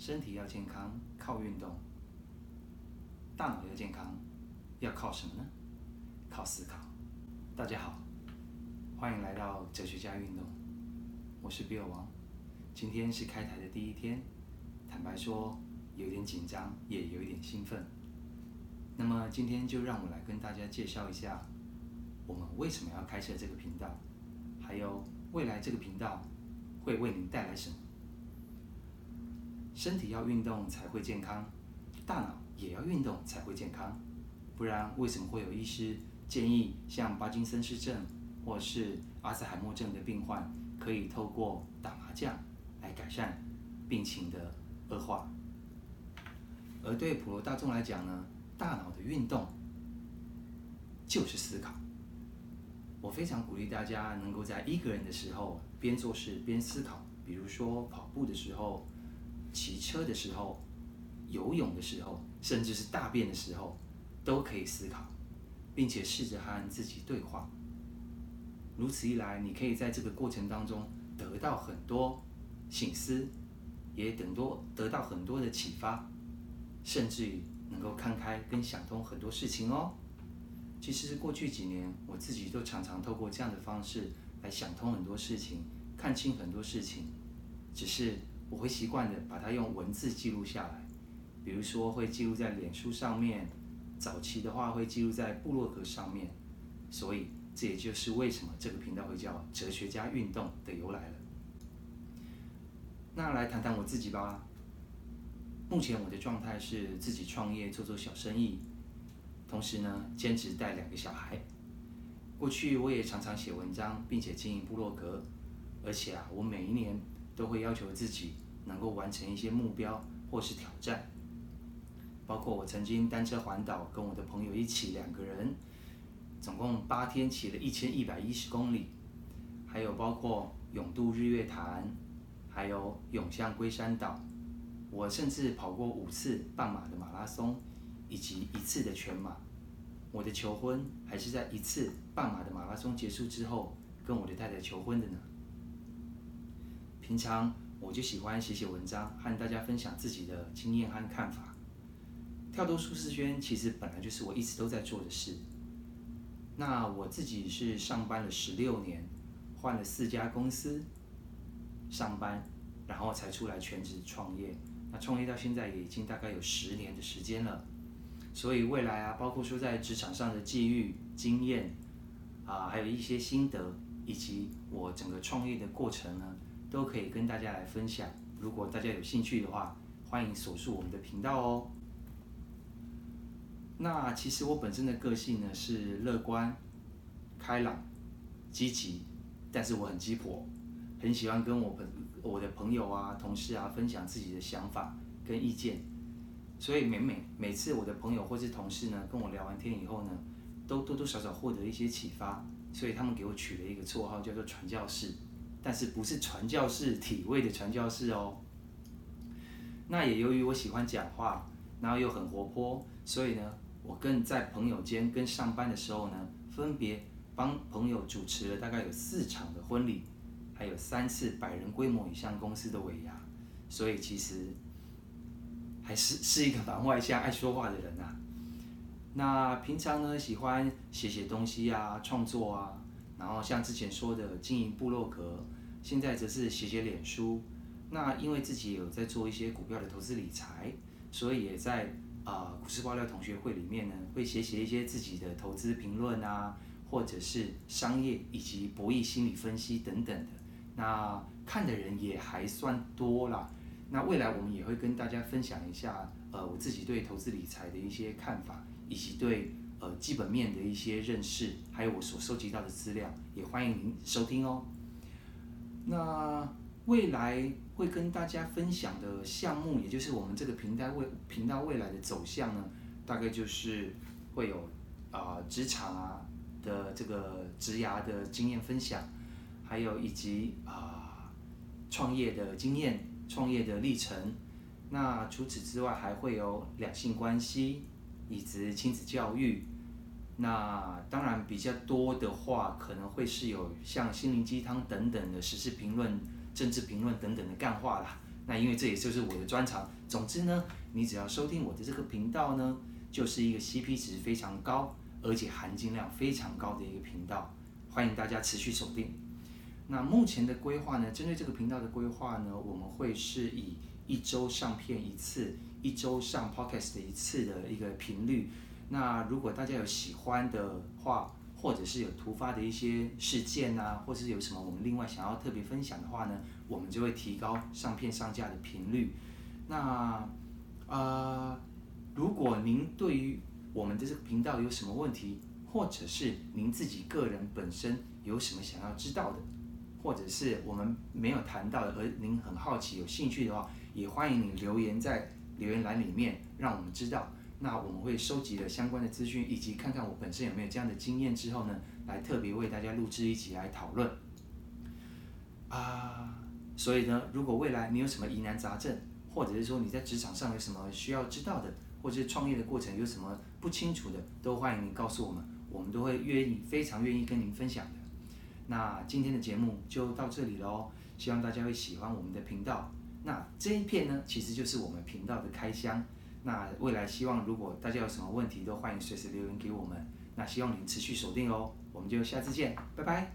身體要健康，靠運動；大腦要健康，要靠什麼呢？靠思考。大家好，歡迎來到哲學家運動。我是比爾王，今天是開台的第一天，坦白說有點緊張，也有一點興奮。那麼今天就讓我來跟大家介紹一下，我們為什麼要開設這個頻道，還有未來這個頻道會為您帶來什麼。身體要運動才會健康，大腦也要運動才會健康，不然為什麼會有醫師建議，像巴金森氏症或是阿茲海默症的病患，可以透過打麻將來改善病情的惡化？而對普羅大眾來講呢，大腦的運動就是思考。我非常鼓勵大家能夠在一個人的時候，邊做事邊思考，比如說跑步的時候。騎車的時候、游泳的時候，甚至是大便的時候，都可以思考，並且試着和自己對話。如此一來，你可以在這個過程當中得到很多省思，也更多得到很多的啟發，甚至於能夠看開跟想通很多事情哦。其實過去幾年，我自己都常常透過這樣的方式來想通很多事情，看清很多事情，只是，我會習慣的把它用文字記錄下來，比如說會記錄在臉書上面，早期的話會記錄在部落格上面，所以這也就是為什麼這個頻道會叫哲學家運動的由來了。那來談談我自己吧，目前我的狀態是自己創業做做小生意，同時呢兼職帶兩個小孩。過去我也常常寫文章，並且經營部落格，而且啊我每一年都會要求自己。能夠完成一些目標或是挑戰，包括我曾經單車環島，跟我的朋友一起兩個人，總共八天騎了一千一百一十公里，還有包括泳渡日月潭，還有泳向龜山島。我甚至跑過五次半馬的馬拉松，以及一次的全馬。我的求婚還是在一次半馬的馬拉松結束之後，跟我的太太求婚的呢。平常。我就喜歡寫寫文章，和大家分享自己的經驗和看法。跳脫舒適圈，其實本來就是我一直都在做的事。那我自己是上班了十六年，換了四家公司上班，然後才出來全職創業。那創業到現在也已經大概有十年的時間了。所以未來啊，包括說在職場上的際遇、經驗啊，還有一些心得，以及我整個創業的過程呢。都可以跟大家來分享。如果大家有興趣的話，歡迎搜索我們的頻道哦。那其實我本身的個性呢，是樂觀、開朗、積極，但是我很雞婆，很喜歡跟我，我的朋友啊、同事啊分享自己的想法跟意見。所以每每每次我的朋友或是同事呢跟我聊完天以後呢，都多多少少獲得一些啟發。所以他們給我取了一個綽號，叫做傳教士。但是不是傳教士體位的傳教士哦。那也由於我喜歡講話，然後又很活潑，所以呢，我跟在朋友間跟上班的時候呢，分別幫朋友主持了大概有四場的婚禮，還有三次百人規模以上公司的尾牙。所以其實還是是一個蠻外向、愛說話的人啊。那平常呢，喜歡寫寫東西呀、啊，創作啊。然後像之前說的經營部落格，現在則是寫寫臉書。那因為自己有在做一些股票的投資理財，所以也在啊、呃、股市爆料同學會裡面呢，會寫寫一些自己的投資評論啊，或者是商業以及博弈心理分析等等的。那看的人也還算多啦。那未來我們也會跟大家分享一下，呃，我自己對投資理財的一些看法，以及對。呃，基本面的一些認識，還有我所收集到的資料，也歡迎您收聽哦。那未來會跟大家分享的項目，也就是我們這個平台未頻道未來的走向呢，大概就是會有啊呃、職場啊的這個職涯的經驗分享，還有以及啊呃、創業的經驗、創業的歷程。那除此之外，還會有兩性關係以及親子教育。那當然比較多的話，可能會是有像心靈雞湯等等的時事評論、政治評論等等的幹話啦。那因為這也就是我的專長。總之呢，你只要收聽我的這個頻道呢，就是一個 CP 值非常高，而且含金量非常高的一個頻道。歡迎大家持續收聽。那目前的規劃呢，針對這個頻道的規劃呢，我們會是以一周上片一次、一周上 Podcast 的一次的一個頻率。那如果大家有喜歡的話，或者是有突發的一些事件啊，或者是有什麼我們另外想要特別分享的話呢，我們就會提高上片上架的頻率。那啊，呃，如果您對於我們的這個頻道有什麼問題，或者是您自己個人本身有什麼想要知道的，或者是我們沒有談到的而您很好奇有興趣的話，也歡迎你留言在留言欄裡面讓我們知道。那我們會收集了相關的資訊，以及看看我本身有沒有這樣的經驗之後呢，來特別為大家錄製一集來討論。啊，uh，所以呢，如果未來你有什麼疑難雜症，或者是說你在職場上有什麼需要知道的，或者是創業的過程有什麼不清楚的，都歡迎您告訴我們，我們都會願意，非常願意跟您分享的。那今天的節目就到這裡了哦，希望大家會喜歡我們的頻道。那這一片呢，其實就是我們頻道的開箱。那未來希望，如果大家有什麼問題，都歡迎隨時留言給我們。那希望您持續鎖定哦，我們就下次見，拜拜。